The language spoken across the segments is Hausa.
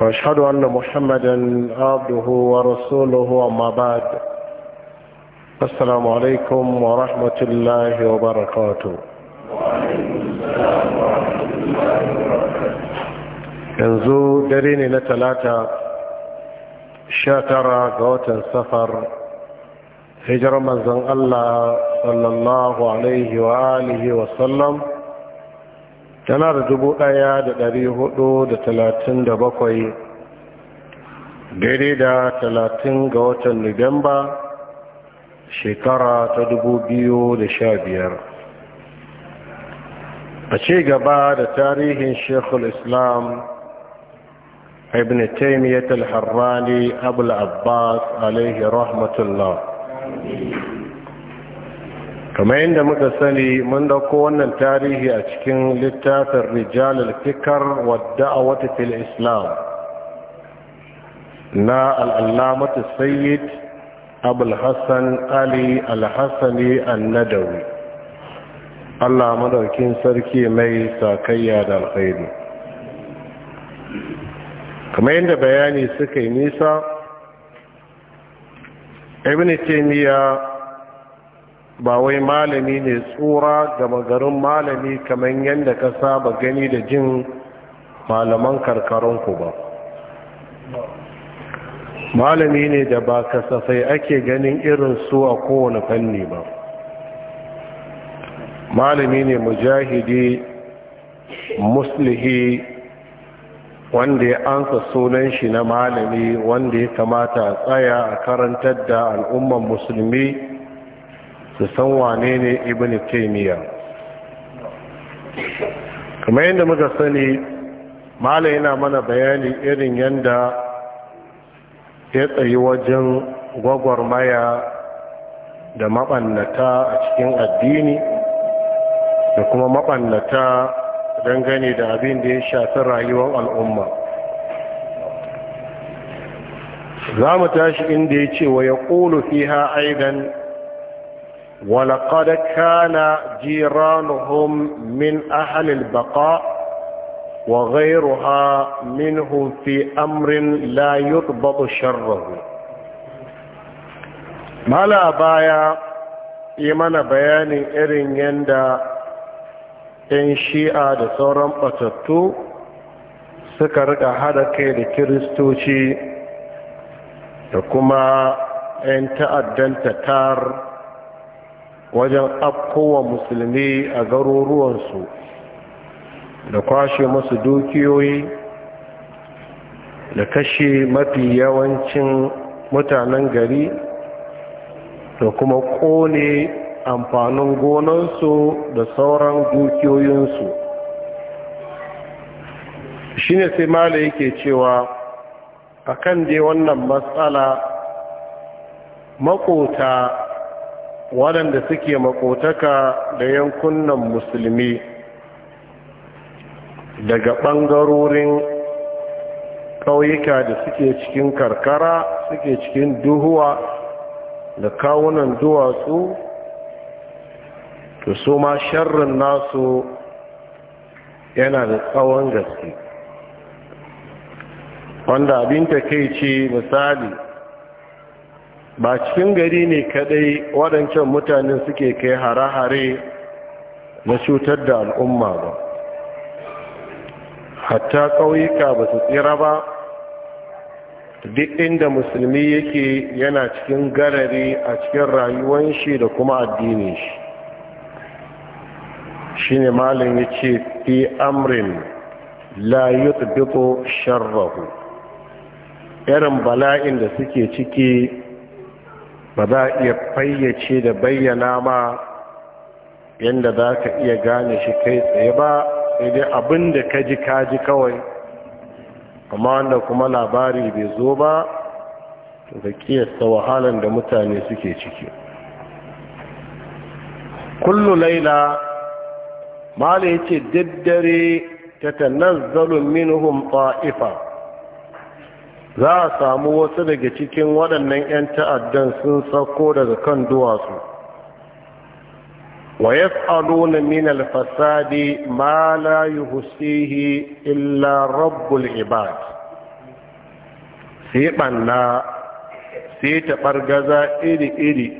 واشهد ان محمدا عبده ورسوله اما بعد السلام عليكم ورحمه الله وبركاته وعليكم السلام ورحمه الله وبركاته شاترا غوتا سفر هجر من زن الله صلى الله عليه واله وسلم tana da dubu ɗaya da dari hudu da talatin da bakwai daidai da talatin ga watan nuwamba shekara ta dubu biyu da sha biyar a ci gaba da tarihin shekul islam ibn taimiyyar al-harrani abul alaihi rahmatullah kamar yadda muka sani mun dauko wannan tarihi a cikin littafin rijalul fikar wadda a fil islam na al'allamatu sayyid abulhassan ali alhassani annadawi allah madaukin sarki mai sakayya da alkhairu kamar yadda bayani suka yi nisa ibn taymiyyah ba wai malami ne tsura gama garin malami kamar yadda ka saba gani da jin malaman karkarunku ba malami ne da ba kasafai ake ganin irin su a kowane fanni ba malami ne mujahidi muslihi wanda ya ansa sunan shi na malami wanda ya kamata a tsaya a karantar da al'umman musulmi su san wane ne ibn taymiya kamar yadda muka sani malai yana mana bayani irin yadda ya tsayi wajen gwagwarmaya da mabannata a cikin addini da kuma mabannata dangane da abin da ya shafi rayuwar al'umma za mu tashi inda ya ce wa ya ƙulu ha aidan ولقد كان جيرانهم من أهل البقاء وغيرها منهم في أمر لا يضبط شره ما لا بايا إيمان بياني إرين يندا إن شيئا دسورم أتتو سكرك هذا كريستوشي تكما أنت أدنت تار wajen afkowa musulmi a garuruwansu da kwashe musu dukiyoyi da kashe mafi yawancin mutanen gari da kuma kone amfanin gonansu da sauran dukiyoyinsu shi ne sai mala yake cewa a kan dai wannan matsala makota waɗanda suke makotaka da yankunan musulmi daga ɓangarorin ƙauyuka da suke cikin karkara suke cikin duhuwa da kawunan duwatsu to su ma sharrin nasu yana da tsawon gaske wanda abin ta kai ce misali ba cikin gari ne kadai waɗancan mutane suke kai hare-hare na cutar da al'umma ba hatta ƙauyuka ba su tsira ba duk inda musulmi yake yana cikin garari a cikin rayuwan shi da kuma addini shi shi ne malin ya ce fi amrin la yutbito sharrahu irin bala'in da suke ciki ba za a iya fayyace da bayyana ma yadda za ka iya gane shi kai tsaye ba sai abin da ka ji ka ji kawai amma wanda kuma labari bai zo ba da kiyasta wahalan da mutane suke ciki kullu laila mala yace daddare tatanazzalu minhum ta'ifa za a samu wasu daga cikin waɗannan 'yan ta'addan sun sauko daga kan duwatsu wa ya yas'aluna na minal fasadi ma la husihi illa rabbul ibad sai ɓanna, sai ta ɓargaza iri-iri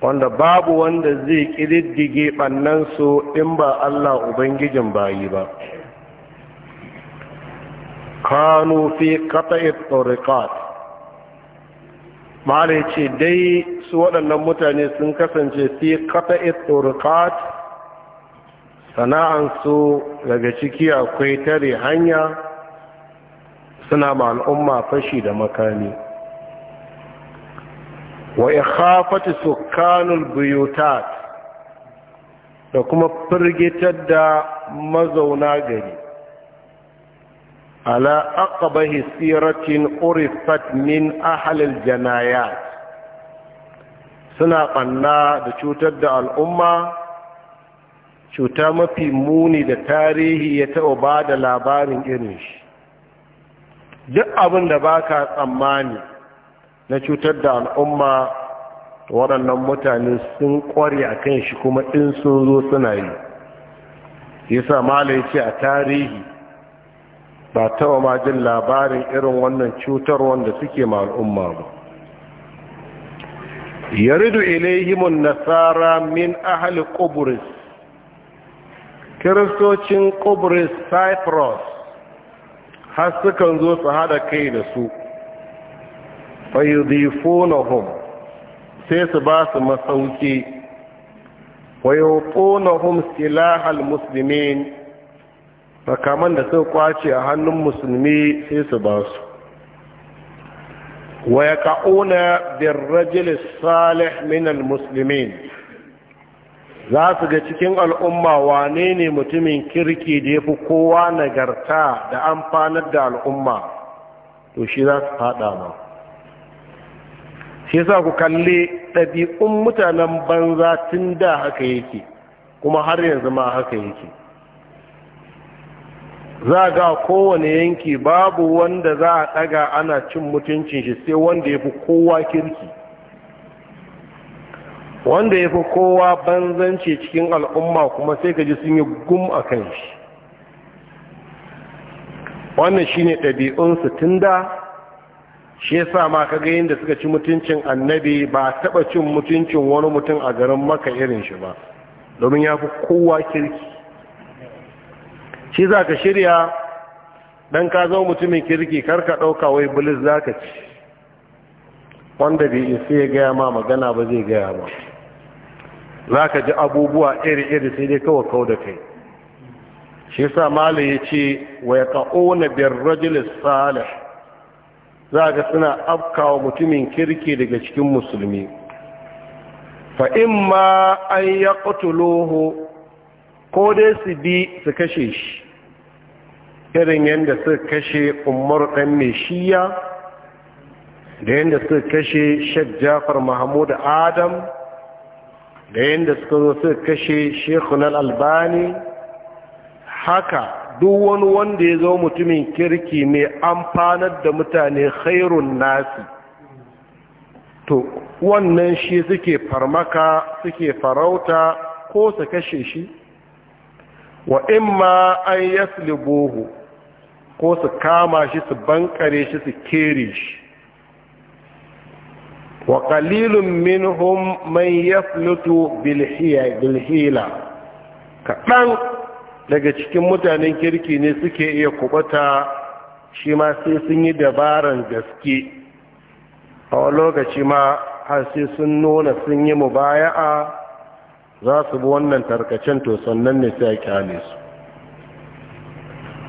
wanda babu wanda zai ƙididdige ɓannansu in ba Allah Ubangijin bayi ba. kanu fi qata'i tariqat mala ce dai su waɗannan mutane sun kasance fi qata'i tariqat sana'ansu daga ciki akwai tare hanya suna ma al'umma fashi da makami wa ikhafati sukkanul buyutat da kuma firgitar da mazauna gari ala aqbahi siratin urifat min ahlil janayat suna ɓanna da cutar da al'umma cuta mafi muni da tarihi ya taɓa ba da labarin irin shi duk abin da ba ka tsammani na cutar da al'umma waɗannan mutane sun ƙware a kan shi kuma in sun zo suna yi yasa mala ya ce a tarihi ba tawa ma jin labarin irin wannan cutar wanda suke ma al'umma ba yaridu ilayhimun nasara min ahli qubris kiristocin qubris cyprus har sukan zo su hada kai da su fayudifunahum sai su ba su masauki wayutunahum silahal muslimin makaman da suka kwace a hannun musulmi sai su ba su wa ya ka'una birrajil salih min za su ga cikin al'umma wane ne mutumin kirki da ya fi kowa nagarta da amfanar da al'umma to shi za su fada ma shi sa ku kalli ɗabi'un mutanen banza tun da haka yake kuma har yanzu ma haka yake za ga kowane yanki babu wanda za a daga ana cin mutuncin shi sai wanda ya fi kowa kirki wanda ya fi kowa banzanci cikin al'umma kuma sai ka ji sun yi gum a kan shi wannan shi ne ɗabi'unsu tun da shi ya ma ka ga yadda suka ci mutuncin annabi ba a taɓa cin mutuncin wani mutum a garin maka irin shi ba domin ya fi kowa kirki shi za ka shirya don ka zo mutumin kirki karka ɗauka wai bulis za ka ci wanda bai isa ya gaya ma magana ba zai gaya ma za ka ji abubuwa iri-iri sai dai kawai kau da kai shi sa mali ya ce wa ya ka'ona birrajilis salih za ka suna afkawa mutumin kirki daga cikin musulmi in ma an ya ƙutuloho ko dai su bi su kashe shi irin yadda suka kashe umar ɗan mai da yadda suka kashe shek jafar mahmud adam da yadda suka zo suka kashe shekunan albani haka duk wani wanda ya zo mutumin kirki mai amfanar da mutane khairun nasi to wannan shi suke farmaka suke farauta ko su kashe shi wa imma an yaslubuhu ko su kama shi su bankare shi su kere shi wa kalilun minhum man yaflutu bil hila kaɗan daga cikin mutanen kirki ne suke iya kubata shi ma sai sun yi dabaran gaske a wani lokaci ma har sai sun nuna sun yi mubaya'a za su bi wannan tarkacen to sannan ne sai a kyale su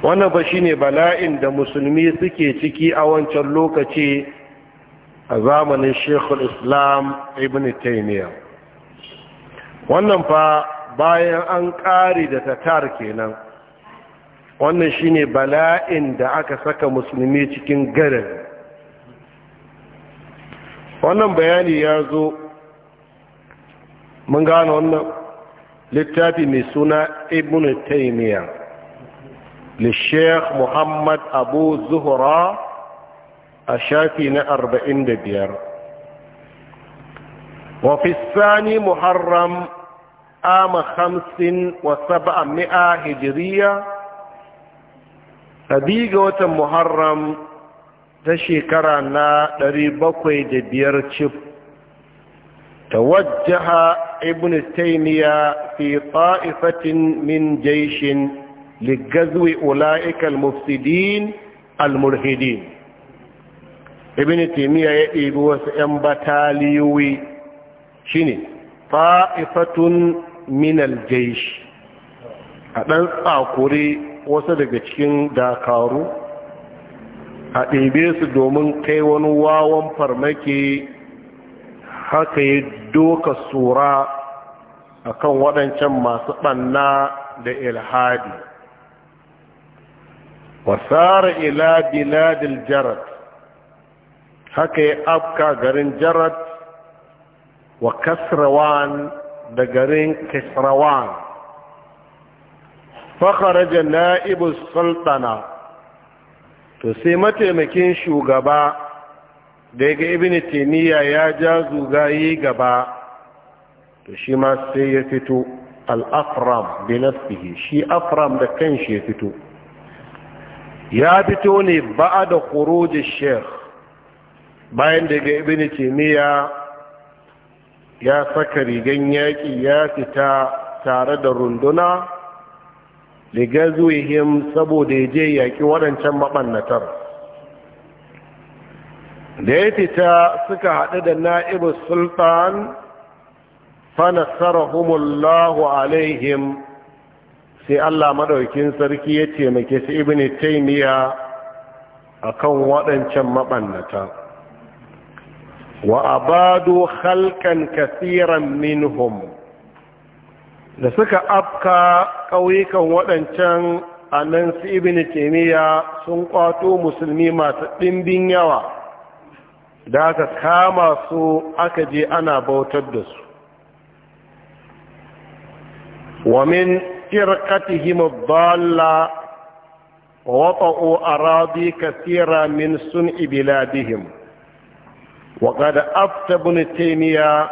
wannan ba shine bala'in da musulmi suke ciki a wancan lokaci a zamanin shekul islam ibn taimiyya wannan fa bayan an ƙari da tatar kenan wannan shine bala'in da aka saka musulmi cikin garin wannan bayani ya zo mun gane wannan littafi mai suna ibn taimiyya للشيخ محمد أبو زهرة أشافين أربعين دبير وفي الثاني محرم عام خمس وسبعمائة هجرية صديقة محرم تشكر لنا لربكوي دبير شب توجه ابن تيمية في طائفة من جيش ligazwe ula'ikal mufsidin al-murhidin ibn ya ɗebi wasu 'yan bataliyoyi shine fa'ifatun Minal al a ɗan tsakure wasu daga cikin dakaru a ɗebe su domin kai wani wawan farmaki haka ya doka sura akan waɗancan masu ɓanna da ilhadi wasara ila biladil Jarad haka ya afka garin Jarad wa kasrawan da garin kisrawan fakharaja na'ibu sultana to sai mataimakin shugaba da yaga ibnu ya ja zugayi gaba to shi ma sai ya fito al-afram bi nafsihi shi afram da kanshi ya fito ya fito ne ba'a da kuroji sheikh bayan daga ibn timiya ya saka rigan yaƙi ya fita tare da runduna daga zuwihim saboda ya je yaƙi waɗancan maɓannatar da ya fita suka haɗu da na'ibu sultan fa fanasarahumullahu alaihim sai Allah madaukin sarki ya taimake su ibn taymiya akan waɗancan mabannata wa abadu khalqan kaseeran minhum da suka afka ƙauyukan waɗancan anan su ibn taymiya sun kwato musulmi masu ɗimbin yawa da aka kama su aka je ana bautar da su wa min فرقتهم الضالة ووطئوا أراضي كثيرة من صنع بلادهم وقد أفتى ابن تيمية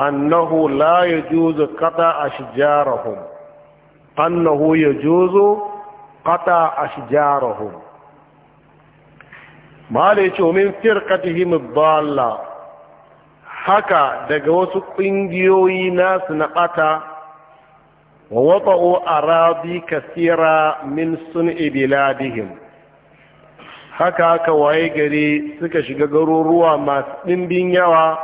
أنه لا يجوز قطع أشجارهم أنه يجوز قطع أشجارهم ما من فرقتهم الضالة حكى daga wasu ناس نقطع wa wata'u arabi kasira min sun'i biladihim haka haka waye gari suka shiga garuruwa masu ɗimbin yawa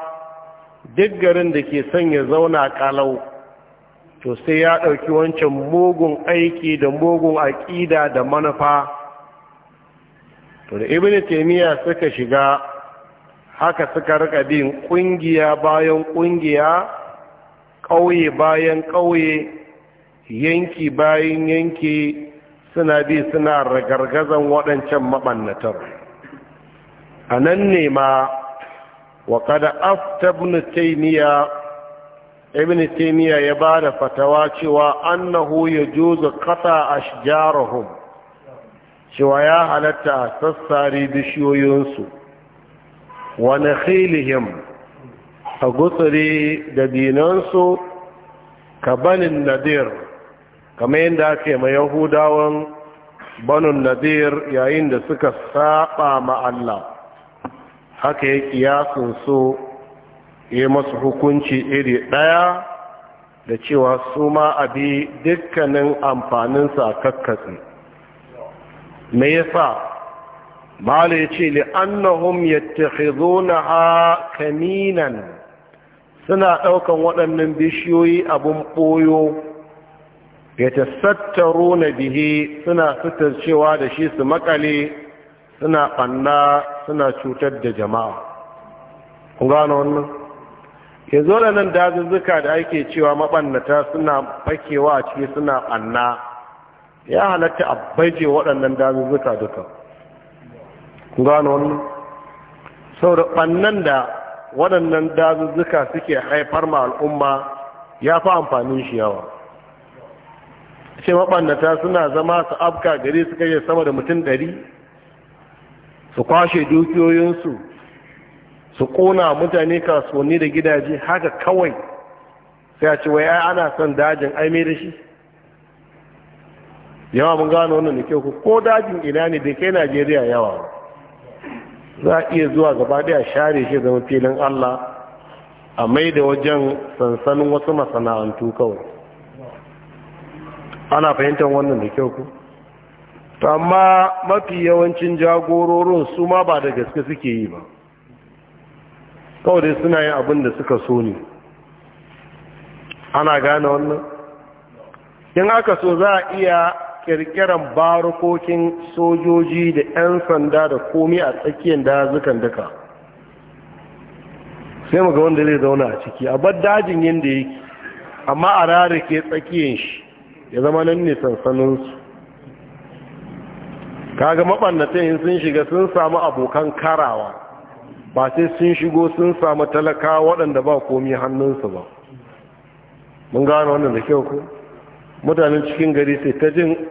duk garin da ke son ya zauna kalau to sai ya ɗauki wancan mugun aiki da mugun aƙida da manufa to da ibn suka shiga haka suka rika bin ƙungiya bayan ƙungiya ƙauye bayan ƙauye yanki bayan yanki suna bi suna ragargazan waɗancan maɓannatar a nan ne ma wa kada afta ibn taimiyya ya ba da fatawa cewa annahu ya juzu kasa a shijarahun cewa ya halatta a sassare bishiyoyinsu wani khilihim a gutsuri da binansu ka banin nadir kamar yadda ake ma yahudawan banun nadir yayin da suka saba ma Allah haka ya kiyasun so ya masu hukunci iri ɗaya da cewa su ma abi dukkanin amfaninsa kakkatsi me yasa bala ce li li'annahum yattakhizunaha kaminan suna ɗaukan waɗannan bishiyoyi abun ɓoyo yatasattaruna na bihi suna cewa da shi su makale suna ɓanna suna cutar da jama'a kun gano wannan ya zo da nan dazuzzuka da ake cewa mabannata suna fakewa a ciki suna ɓanna ya halatta a baje waɗannan dazuzzuka duka kun gano wannan sau da da waɗannan dazuzzuka suke haifar ma al'umma ya fi amfanin shi yawa ce mabannata suna zama su afka gari su kai sama da mutum ɗari su kwashe dukiyoyinsu su ƙona mutane kasuwanni da gidaje haka kawai sai a ce wai ai ana son dajin ai da shi yawa mun gano wannan da kyau ko dajin ina ne da kai najeriya yawa za a iya zuwa gaba daya share shi zama filin allah a mai da wajen sansanin wasu masana'antu kawai ana fahimtar wannan da kyau ku to amma mafi yawancin jagororin su ma ba da gaske suke yi ba kawai dai suna yin abin da suka so ne ana gane wannan in aka so za a iya kirkiran barukokin sojoji da 'yan sanda da komi a tsakiyar dazukan duka sai muga wanda zai zauna a ciki a bar dajin yadda yake amma a rarrake tsakiyar shi ya zama nan ne sansaninsu kaga maɓannatayin sun shiga sun samu abokan karawa ba sai sun shigo sun samu talaka waɗanda ba komi hannunsu ba mun gano wannan da kyau ku mutanen cikin gari sai ta jin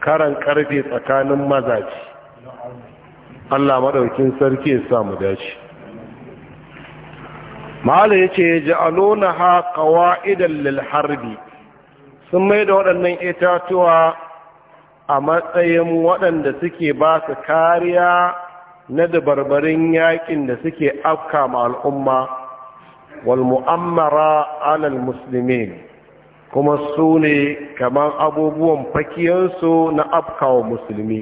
karan karfe tsakanin mazaji Allah maɗaukin sarki ya samu dace ma'ala ya ce ya ji alona ha ƙawa'idan lil harbi sun mai da waɗannan itatuwa a matsayin waɗanda suke ba su kariya na dabarbarin yakin da suke afka ma al'umma wal mu'ammara alal musulmi kuma su ne kamar abubuwan fakiyansu na afka wa musulmi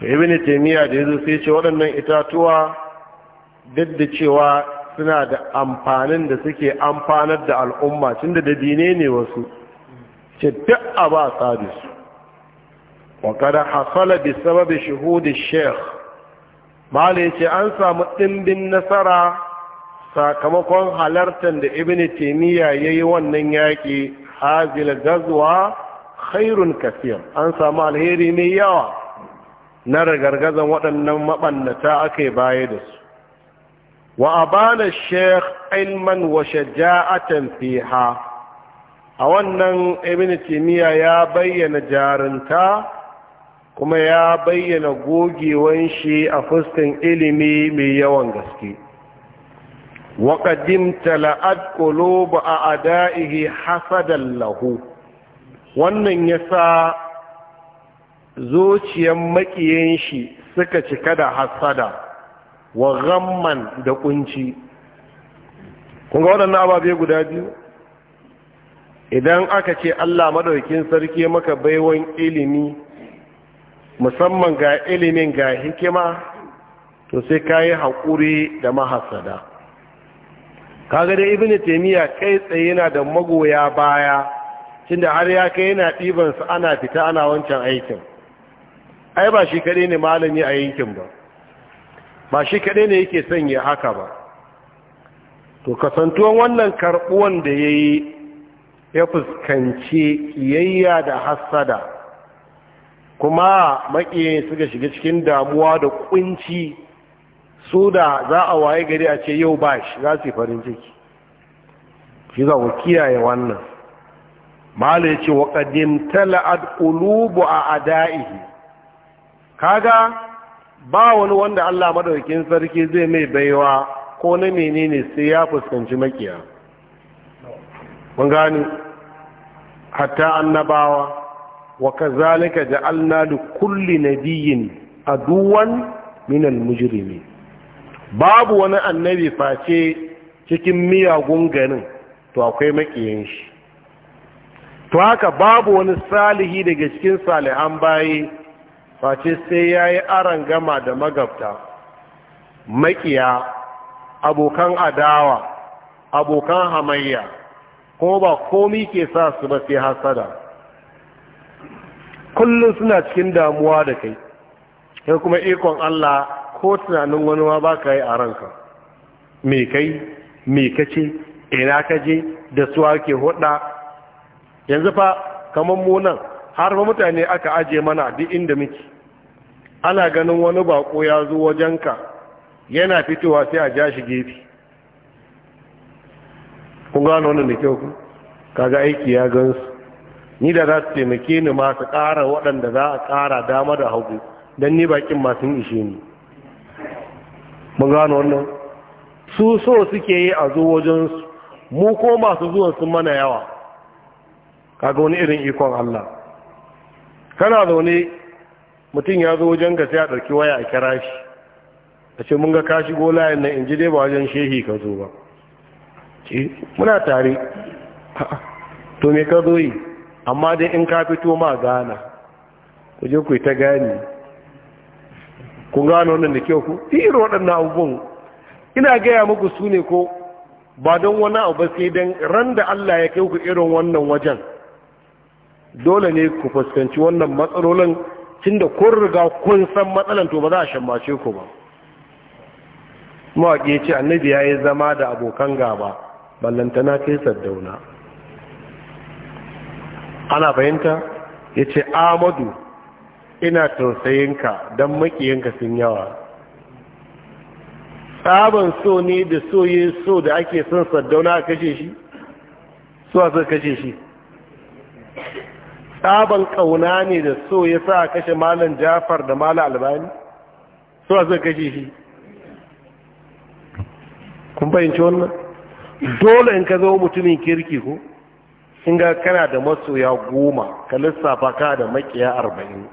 to ibn taymiya da zo sai ce waɗannan itatuwa duk da cewa suna da amfanin da suke amfanar da al'umma tun da dabine ne wasu ce duk a ba sadu su wa hasala bi sababi shuhudi sheikh mala ce an samu dimbin nasara sakamakon halartar da temiya ya yi wannan yaki hazil gazuwa khairun kaseer an samu alheri mai yawa na ragargazan waɗannan mabannata yi baya da su wa abana sheikh ilman wa shaja'atan fiha a wannan ibn timiya ya bayyana jarinta kuma ya bayyana gogewan shi a fuskan ilimi mai yawan gaske wa qadimta la'ad a a'da'ihi hasadan lahu wannan yasa zuciyan makiyin shi suka cika da hasada wa ghamman da kunci kun ga waɗannan ababe guda biyu idan aka ce Allah madaukin sarki maka baiwan ilimi musamman ga ilimin ga hikima to sai kayi haƙuri da mahasada kaga dai ibnu taymiya kai tsaye yana da magoya baya tunda har ya kai yana su ana fita ana wancan aikin ai ba shi kaɗai ne malami a yankin ba ba shi kaɗai ne yake son ya haka ba to kasantuwan wannan karɓuwan da ya yi ya fuskanci ƙiyayya da hassada kuma su suka shiga cikin damuwa da ƙunci su da za a waye gari a ce yau ba shi za su yi farin ciki shi za ku kiyaye wannan malu ce waƙadin tala'ad Ulubu a ada'ihi kaga ba wani wanda Allah madaukakin sarki zai mai baiwa ko na menene sai ya fuskanci makiya mun gani hatta annabawa wa kazalika ja'alna li kulli nabiyyin aduwan min al babu wani annabi face cikin miyagun ganin to akwai makiyin shi to haka babu wani salihi daga cikin salihan bayi face sai ya yi aron gama da magabta makiya abokan adawa abokan hamayya ko ba komi ke sa su ba sai hasada kullum suna cikin damuwa da kai sai kuma ikon Allah ko tunanin wani ma ba ka yi a ranka me kai me kace ina ka je da suwa ke hudda yanzu fa kamar mu nan har ba mutane aka aje mana duk inda muke ana ganin wani bako ya zo wajenka yana fitowa sai a ja shi gefe kun gano wannan da kyau ku kaga aiki ya gansu ni da za su taimake ni masu ƙara waɗanda za a ƙara dama da hagu don ni bakin masu ishe ni mun gano wannan su so suke yi a zo wajensu mu ko masu zuwan sun mana yawa kaga wani irin ikon Allah kana zaune mutum ya zo wajen ka sai a ɗauki waya a kira shi a ce mun ga ka shigo layin nan in ji dai ba wajen shehi ka zo ba ce muna tare to me ka zo yi amma dai in ka fito ma gana ku je ku yi ta gani Ku gano wannan da kyau ku irin waɗannan abubuwan ina gaya muku su ne ko ba don wani abu sai don ran da Allah ya kai ku irin wannan wajen dole ne ku fuskanci wannan matsalolin tun da kun riga kun san matsalan to ba za a shambace ku ba mawaƙi ce annabi ya yi zama da abokan gaba ballantana kai saddauna ana fahimta ya ce amadu ina tausayinka don maƙiyanka sun yawa tsaban so ne da soye so da ake son saddauna a kashe shi suwa sun kashe shi Saban ƙauna ne da so ya sa kashe malam jafar da malam albani so a zai kashe shi kun fahimci wannan dole in ka zo mutumin kirki ko in ga kana da masoya goma ka lissafa ka da makiya arba'in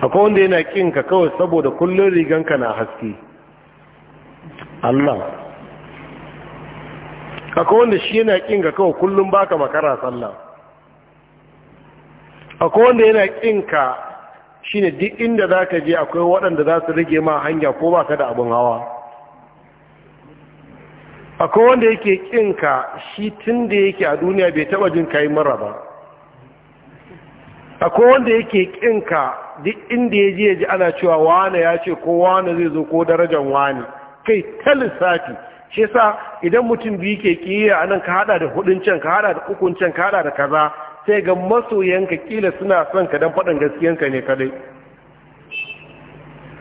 akwai wanda yana ka kawai saboda kullum riganka na haske Allah akwai wanda shi yana ƙin ga kawai kullum baka makara sallah akwai wanda yana ƙin ka shine duk inda zaka je akwai waɗanda za su rage ma hanya ko baka da abin hawa akwai wanda yake ƙin ka shi tunda yake a duniya bai taba jin kayi mara ba akwai wanda yake ƙin ka duk inda ya je ya ji ana cewa wane ya ce ko wane zai zo ko darajar wane kai ta lissafi shi yasa idan mutum biyu ke kiyaye a nan ka hada da hudun can ka hada da ukun can ka hada da kaza sai ga masoyanka kila suna son ka dan faɗin gaskiyanka ne kadai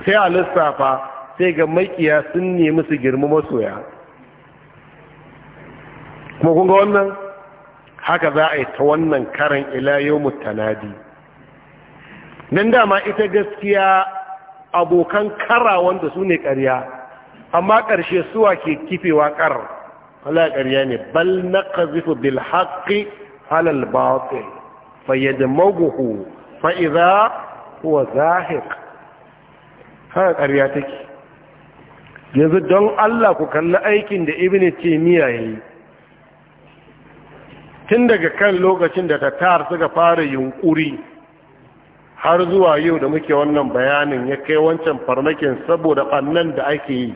sai a lissafa sai ga makiya sun nemi su girma masoya kuma kun ga wannan haka za a yi ta wannan karan ilayo mutanadi nan dama ita gaskiya abokan kara wanda su ne ƙarya amma ƙarshe suwa ke kifewa ƙar Allah ƙarya ne bal na ƙazifu bil haƙi, halal batil fayyada maguhu fa'iza huwa zahiq haka ƙarya take yanzu don Allah ku kalli aikin da ibini ce miyayi tun daga kan lokacin da tatar suka fara yunkuri har zuwa yau da muke wannan bayanin ya kai wancan farmakin saboda ɓannan da ake yi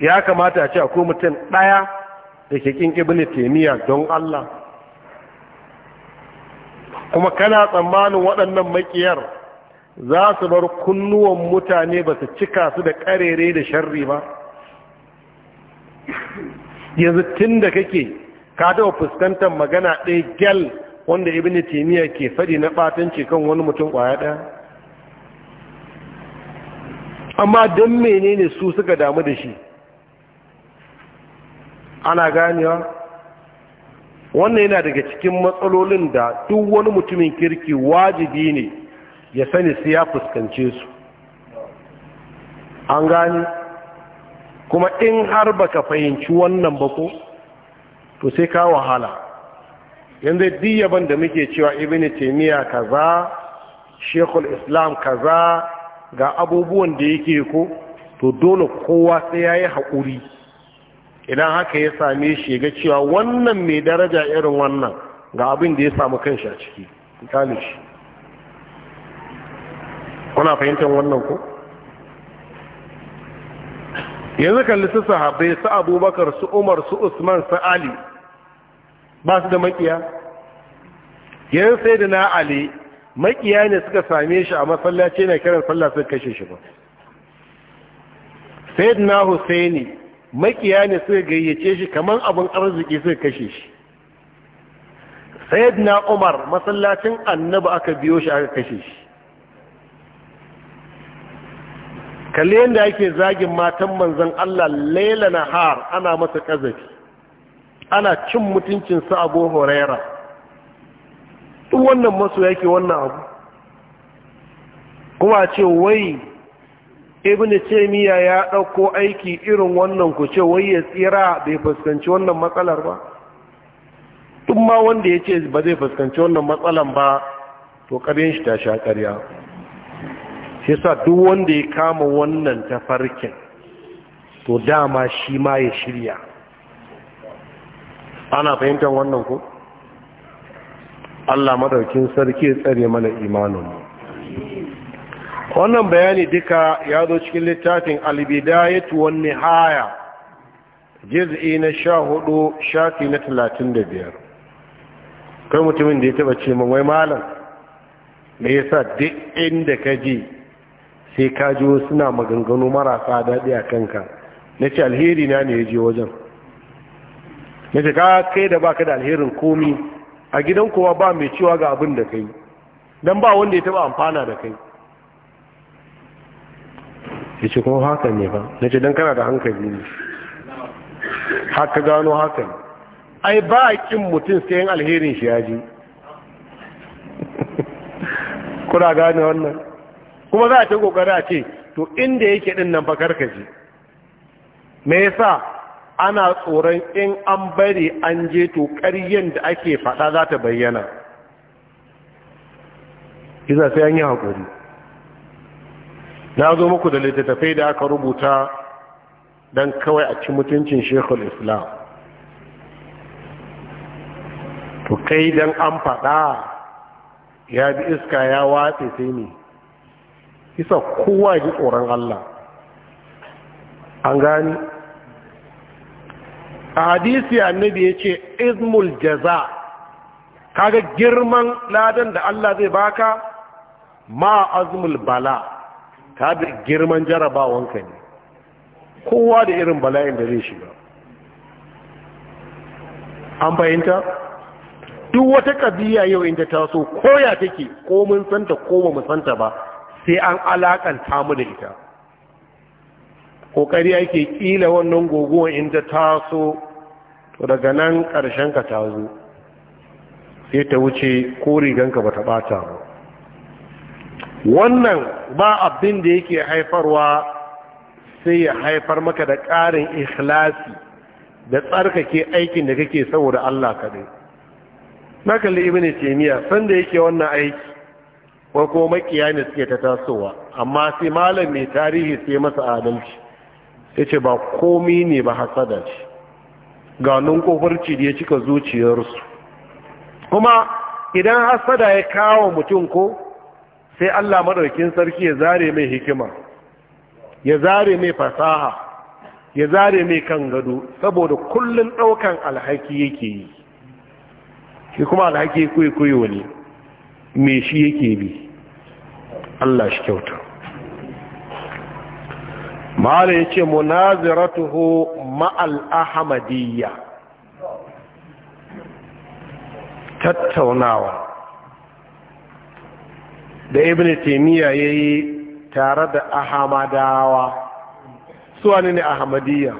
ya kamata a ce akwai mutum ɗaya da ke ƙin ibini temiya don Allah kuma kana tsammanin waɗannan makiyar za su bar kunnuwan mutane ba su cika su da ƙarere da sharri ba yanzu tun da kake ka taɓa fuskantar magana ɗaya gyal wanda ibini temiya ke faɗi na ɓatanci kan wani mutum ƙwaya ɗaya amma don menene su suka damu da shi ana ganewa wannan yana daga cikin matsalolin da duk wani mutumin kirki wajibi ne ya sani sai ya fuskance su an gane kuma in har baka fahimci wannan ba ko to sai ka wahala yanzu diyaban da muke cewa ibn taymiya kaza shekul islam kaza ga abubuwan da yake ko to dole kowa sai yayi haƙuri idan haka ya same shi ga cewa wannan mai daraja irin wannan ga abin da ya samu kanshi a ciki misali shi kuna fahimtar wannan ko yanzu kalli su sahabai su abubakar su umar su usman su ali ba su da makiya yanzu sai da na ali makiya ne suka same shi a masallaci na kiran sallah kashe shi ba sai da na husaini makiya ne suka gayyace shi kamar abin arziki suka kashe shi na umar masallacin annabi aka biyo shi aka kashe shi kalli yadda ake zagin matan manzan Allah laila na har ana masa kazafi ana cin mutuncinsa abu horaira duk wannan masu yake wannan abu kuma ce wai ibn taymiya ya ɗauko aiki irin wannan ku ce wai ya tsira bai fuskanci wannan matsalar ba duk ma wanda ya ce ba zai fuskanci wannan matsalan ba to ƙaryen shi ta sha ƙarya shi sa duk wanda ya kama wannan tafarkin to dama shi ma ya shirya ana fahimtar wannan ku Allah madaukin sarki ya tsare mana mu. wannan bayani duka ya zo cikin littafin albidayatu wani nihaya juz'i na sha hudu shafi na talatin da biyar. kai mutumin da ya taba ce Mawai malam malam me yasa duk inda ka je sai ka ji suna maganganu marasa daɗi a kanka na ce alheri na ne ya je wajen na ce kai da baka da alherin komi a gidan kowa ba mai cewa ga abin da kai don ba wanda ya taba amfana da kai ya ce kuma haka ne ba na ce don kana da hankali ne haka gano haka ne ai ba a kin mutum sai yin alherin shi ya ji kuna gane wannan kuma za a ce kokari a ce to inda yake din nan fa ji me yasa ana tsoron in an bari an je to ƙaryen da ake faɗa za ta bayyana kiza sai an yi haƙuri na zo muku da littattafai da aka rubuta don kawai a ci mutuncin shekul islam to kai don an faɗa ya bi iska ya watse sai ne isa kowa ji tsoron allah an gani a hadisi annabi ya ce izmul jaza kaga girman ladan da allah zai baka ma azmul bala' Ta da girman jarabawanka ne kowa da irin bala'in da zai shiga an fahimta duk wata kabiya yau inda taso koya take ko mun santa ko ba mu santa ba sai an alakanta mu da ita kokari ake kila wannan goguwan inda taso to daga nan ƙarshen ka zo sai ta wuce ko riganka ba ta ɓata ba wannan ba abin da yake haifarwa sai ya haifar maka da ƙarin ikhlasi da tsarkake aikin da kake saboda Allah kaɗai na kalli ibini temiya sanda yake wannan aiki wako makiya ne suke ta tasowa amma sai malam mai tarihi sai masa adalci ya ce ba komi ne ba hasada ce ga nunkofurci da ya cika zuciyarsu kuma idan hasada ya kawo mutum ko sai Allah madaukin sarki ya zare mai hikima ya zare mai fasaha ya zare mai kan gado saboda kullun ɗaukan alhaki yake yi shi kuma alhaki kwaikwayo ne me shi yake bi Allah shi kyauta ma'ala ya ce munaziratuhu ma'al ahmadiyya tattaunawa da ibn taimiyya ya yi tare da ahamadawa wani ne ahamadiyya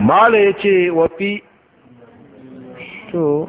mala ya ce wafi to